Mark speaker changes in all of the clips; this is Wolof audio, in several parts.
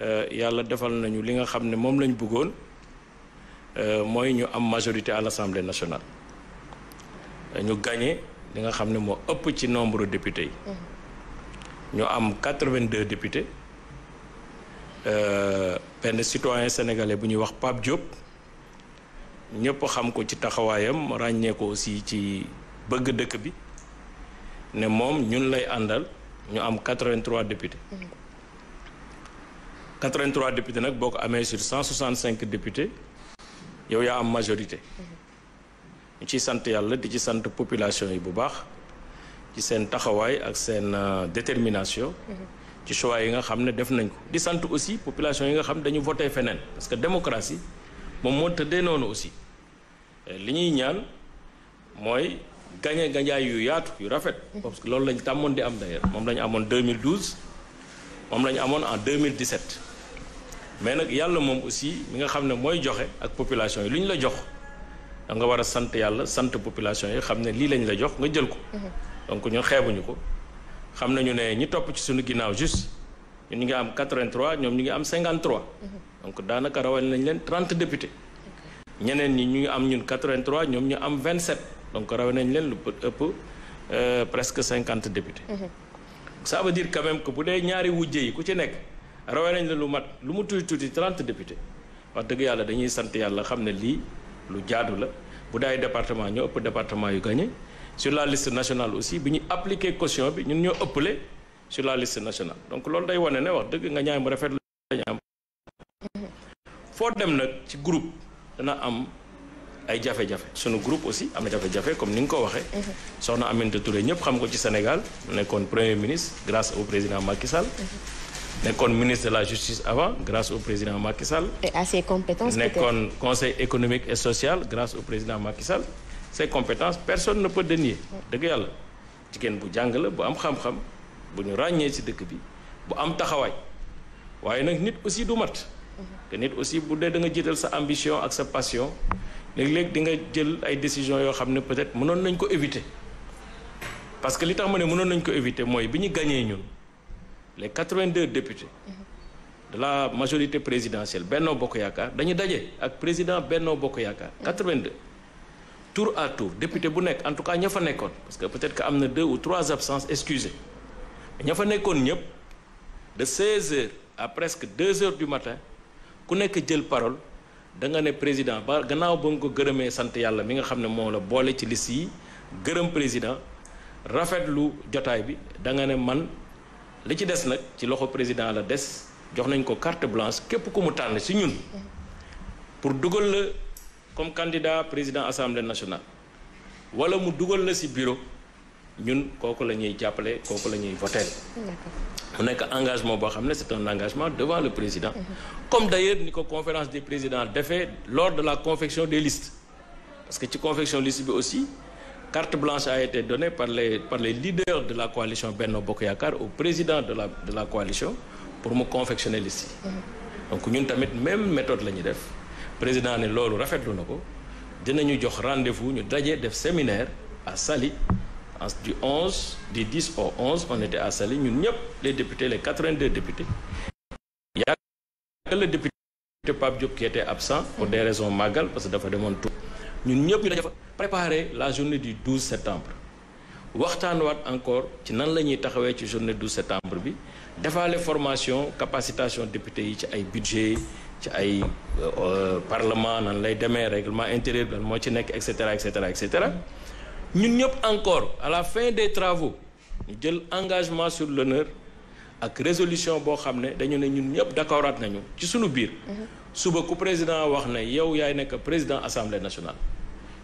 Speaker 1: Euh, yàlla defal nañu li nga xam ne moom lañu bëggoon euh, mooy ñu am majorité à l'Assemblée nationale ñu gagné li nga xam ne moo ëpp ci nombre de députés yi.
Speaker 2: Mm-hmm.
Speaker 1: ñu am quatre-vingt-deux députés euh, benn citoyen sénégalais bu ñuy wax Pape Diop ñëpp xam ko ci taxawaayam ràññee ko ci bëgg dëkk bi ne moom ñun lay àndal ñu am quatre-vingt-trois députés. Mm-hmm. 83 députés nak boko amé sur 165 députés yow ya am majorité ci sante yalla di ci sante population yi bu baax ci sen taxaway ak sen euh, détermination ci choix yi nga xamné def nañ ko di sante aussi population yi nga xam dañu voter fenen parce que démocratie moom moo tëddee noonu aussi euh, li ñuy ñaan moy gagné gañaay yu yaatu yu rafet parce que loolu lañ tàmmoon di am d'ailleurs mom lañ ñu 2012 mom lañ ñu en 2017 mais nag yàlla moom aussi mi nga xam ne mooy joxe ak population yi lu ñu la jox da nga war a sant yàlla sant population yi xam ne lii lañ la jox nga jël ko. Mhm. donc xeebu ñu ko. xam nañu ne ñi topp ci suñu ginnaaw juste ñu ngi am 83 ñoom ñu ngi am 53. Mhm. donc daanaka rawal nañ leen 30 députés. ñeneen ñi ñu ngi am ñun 83 ñoom ñu am 27 donc raw nañ leen lu ëpp euh, presque cinquante députés. Mhm. ça veut dire quand même bu dee ñaari wujje yi ku ci nekk. rawee nañ la lu mat lu mu tuuti tuuti trente député wax dëgg yàlla dañuy sant yàlla xam ne lu jaadu la bu daay département ñoo ëpp département yu gagné sur la liste nationale aussi bi ñu appliqué caution bi ñun ñoo ëppale sur la liste nationale donc loolu day wane ne wax dëgg nga ñaay mu rafet la ñaam foo dem nag ci groupe dana am ay jafe-jafe sunu groupe aussi am na jafe-jafe comme ni nga ko waxee mhm. soxna Aminata Touré ñëpp xam ko ci Sénégal nekkoon premier ministre grâce au président Macky Sall mhm. le ministre de la justice avant grâce au président Macky
Speaker 2: et à ses compétences le
Speaker 1: conseil économique et social grâce au président Macky Ces ses compétences personne ne peut dénier. Nous avons bu am aussi aussi nga sa ambition ak sa passion di nga peut-être nañ éviter parce que li tax ne éviter moy biñu les 82 députés de la majorité présidentielle Benno Bokoyaka, avec le président Benno Bokoyaka, 82 tour à tour député Bounek, en tout cas ña fa parce que peut-être qu'il y a deux ou trois absences excusées ña fa de 16 h à presque 2 h du matin ku nekk jël parole da nga président ba gannaaw gereme santé. yalla, minga sant mola mi nga xam président Raphaël Lou bi da man li ci des ci loxo président la des jox nañ ko carte blanche que ku nous tànn ci ñun pour duggal le comme candidat président l'Assemblée nationale wala mu duggal na ci bureau ñun kooku la jappalé jàppale lañuy voter mu un engagement c'est un engagement devant le président mhm. comme d'ailleurs avons une conférence des présidents défait lors de la confection des listes parce que ci confection liste bi aussi carte blanche a été donnée par les, par les leaders de la coalition Benno Bokoyakar au président de la, de la coalition pour me confectionner liste donc donc ñun la même méthode la def président ne loolu rafetlu na nous dinañu jox rendez-vous avons fait un séminaire à Sali du 11 du 10 au 11 on était à Sali, nous avons les députés les 82 députés il y a le député Pape Diop qui était absent pour des raisons magales, parce que fait des tout ñun ñëpp ñu dafa la journée du 12 septembre waxtaan waat encore ci nan la ñuy taxawee ci journée 12 septembre bi defaale formation capacitation député yi ci ay budget ci ay euh, euh, parlement nan lay demee règlement intérieur bi moo ci nekk et cetera et ñun ñëpp encore à la fin des travaux ñu jël engagement sur l'honneur ak résolution boo xam ne dañu ne ñun ñëpp d'accordaat nañu ci sunu biir. Mhm. suba ku président wax ne yow yaay nekk président assemblée nationale.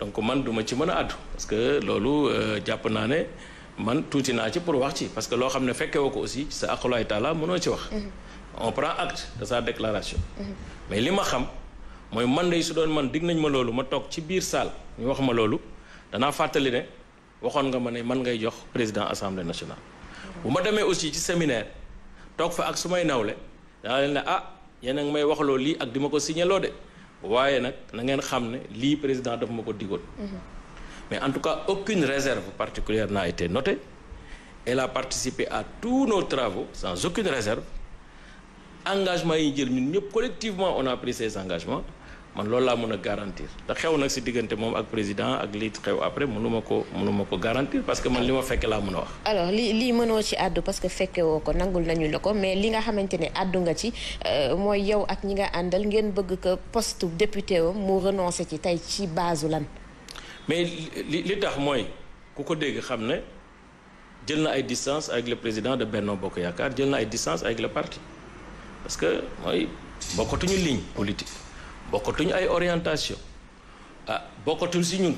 Speaker 1: donc man duma ci mën a àddu parce que loolu euh, jàpp naa ne man tuuti naa ci pour wax ci parce que loo xam ne fekke woo ko aussi sa aqulaay taala mënoo ci wax mhm. on prend acte de sa déclaration
Speaker 2: mhm. mais li ma xam
Speaker 1: mooy man day su doon man dig nañ ma loolu ma toog ci biir salle ñu wax ma loolu danaa fàttali ne waxoon nga ma ne man ngay jox président assemblée nationale mhm. bu ma demee aussi ci séminaire toog fa ak su may nawle daa leen ah yéen ngi may wax loo lii ak di ma ko signaloo de na président mhm. mais en tout cas aucune réserve particulière n'a été notée elle a participé à tous nos travaux sans aucune réserve engagement yi collectivement on a pris ces engagements man loolu laa mën a garantir te xew nag si diggante moom ak président ak lii xew après mënu ma ko mënu ko garantir parce que man li ma fekke laa mën a wax. alors li lii mënoo ci addu parce que fekke woo ko nangul nañu la ko mais li nga xamante ne àddu nga ci euh, mooy yow ak ñi nga àndal ngeen bëgg que
Speaker 2: poste député wam mu renoncé ci tey ci base lan.
Speaker 1: mais li li tax mooy ku ko dégg xam ne jël na ay distance avec le président de Benno Bokk Yaakaar jël na ay distance avec le parti parce que mooy bokkatuñu ligne politique. bokkatuñu ay orientation ah bokkatul si ñun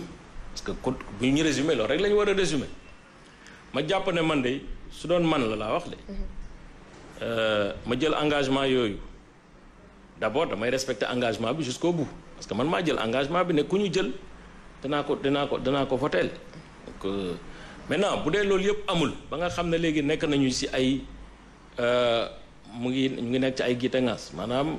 Speaker 1: parce que bu ñu résumé rek la ñu a résumé ma jàpp ne man de su doon man la laa wax de euh, ma jël engagement yooyu d' abord damay respecter engagement bi jusqu'au bout parce que man jël engagement bi ne ku ñu jël danaa ko danaa ko danaa ko voteel donc euh, maintenant bu amul ba nga xam ne léegi nekk nañu si ay euh, mu ngi mu ngi nekk ci ay gite ngas maanaam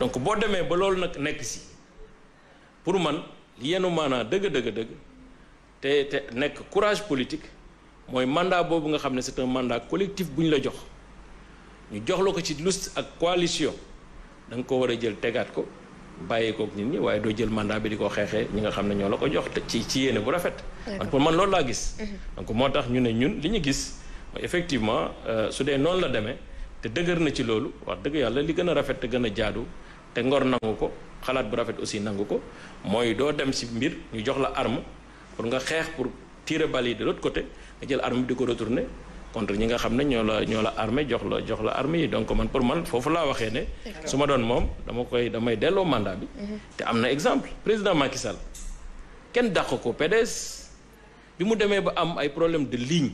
Speaker 1: donc boo demee ba loolu nag nekk si pour man yenu maanaa te te nek courage politique mooy mandat boobu nga xam ne c'est un mandat collectif bu la jox ñu jox la ko ci liste ak coalition da nga ko war jël ko bàyyi kook nit ñi waaye doo jël mandat bi di ko xeexee ñi nga xam ne ñoo la ko jox ci ci yéene bu rafet man pour man loolu laa gis mhm. donc moo ñu ne ñun li ñu gis mooy effectivement euh, su dee la demee te dëgër na ci loolu wax dëgg yàlla li rafet te jaadu te ngor nangu ko xalaat bu rafet aussi nangu ko mooy doo dem si mbir ñu jox la arme pour nga xeex pour tirer balle yi de l'autre côté nga jël arme di ko retourner contre ñi nga xam ne ñoo la ñoo la armée jox la jox la armée yi donc man pour man foofu laa waxee ne su ma doon moom dama koy damay delloo mandat bi mhm. te am na exemple président Macky Sall kenn dàq ko PDS bi mu demee ba am ay problème de ligne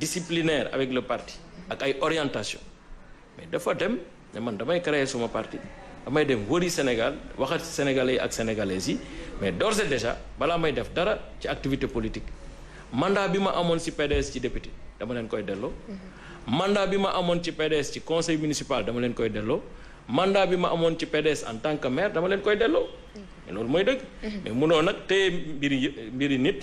Speaker 1: disciplinaire avec le parti ak ay orientation mais dafa dem ne man damay créer suma parti damay dem wëri Sénégal waxat Sénégalais yi ak sénégalaises yi mais d'ores et déjà balaa may def dara ci activité politique mandat bi ma amoon ci PDS ci député dama leen koy delloo. mandat bi ma amoon ci PDS ci conseil municipal dama leen koy delloo. mandat bi ma amoon ci PDS en tant que maire dama leen koy delloo. loolu mooy dëgg. Mhm. mais munoo nag téye mbiri mbiri nit.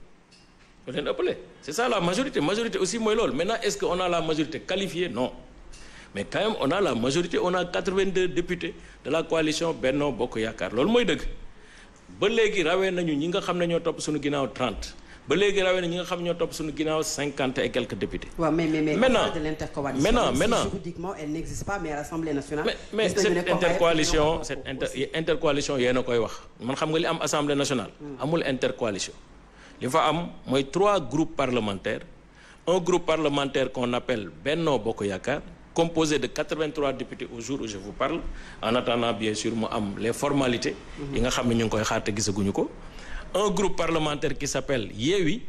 Speaker 1: c'est ça la majorité majorité aussi l'ol. maintenant est-ce qu'on a la majorité qualifiée non mais quand même on a la majorité on a 82 députés de la coalition Benno bokoyakar yakar L'ol que je ba léegi rawee nañu ñi nga 30 ba léegi rawee 50 et quelques députés. mais mais mais maintenant maintenant juridiquement elle n'existe pas mais à l'Assemblée nationale. mais mais cette intercoalition cette inter intercoalition y a koy wax man xam nga li am Assemblée nationale. Hmm. amul intercoalition. Il y a trois groupes parlementaires un groupe parlementaire qu'on appelle Benno Bokoyaka, composé de 83 députés au jour où je vous parle en attendant bien sûr les formalités mhm. un groupe parlementaire qui s'appelle Yewi,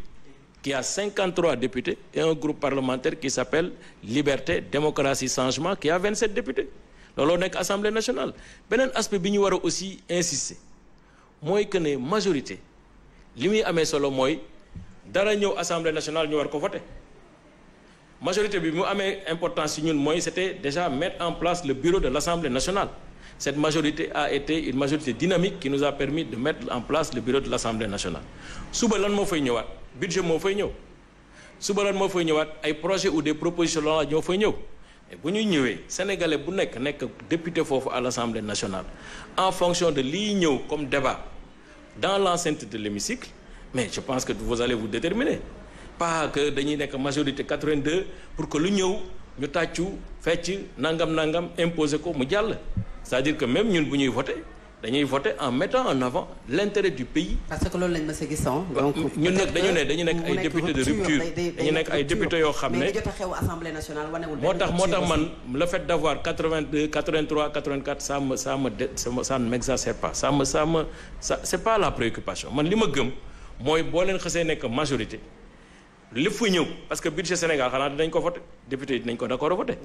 Speaker 1: qui a 53 députés et un groupe parlementaire qui s'appelle Liberté Démocratie Changement qui a 27 députés Lolo l'Assemblée Assemblée nationale Benen aspect aussi insister Moi, que majorité limi amé l'Assemblée solo moy dara assemblée nationale ñu war ko majorité bi mu amé importance c'était déjà mettre en place le bureau de l'assemblée nationale cette majorité a été une majorité dynamique qui nous a permis de mettre en place le bureau de l'assemblée nationale suba lan mo fay ñëwaat budget mo fay ñëw suba lan mo fay ay projets ou des propositions la ñoo fay ñëw bu ñuy sénégalais bu nek nek député à l'assemblée nationale en fonction de li comme débat dans l'enceinte de l'hémicycle, mais je pense que vous allez vous déterminer. Pas que avons une majorité 82 pour que l'Union, nous ñu nangam nangam imposer c'est-à-dire que même ñun bu ñuy voter dañuy voter en mettant en avant l'intérêt du pays.
Speaker 2: parce que loolu lañ ma sa
Speaker 1: hein. donc ñun nag dañu ne dañu nekk ay députés de rupture dañu nekk ay députés yoo xam ne mais jot a xew assemblée nationale wanewul moo tax moo tax man le fait d'avoir 82 83 84 ça me ça me ça ne m'exacerbe pas ça me ça me c'est pas la préoccupation man li ma gëm mooy boo leen xasee nekk majorité li fu ñëw parce que budget Sénégal xanaa dinañ ko voter député yi dinañ ko d'accord voter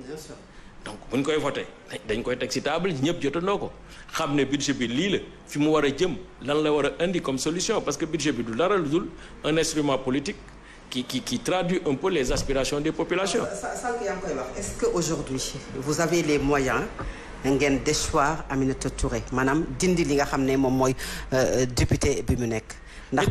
Speaker 1: donc buñ koy voté dañ koy teg ci table ñëpp jotandoo ko xam ne budget bi lii la fi mu war a jëm lan la war indi comme solution parce que budget bi du dara dul un instrument politique qui qui qui traduit un peu les aspirations des populations. Euh, est-ce que aujourd'hui vous avez les moyens. ngeen déchoir Aminata Touré maanaam dindi li nga xamné mom moy euh, député bi mu nekk ndax.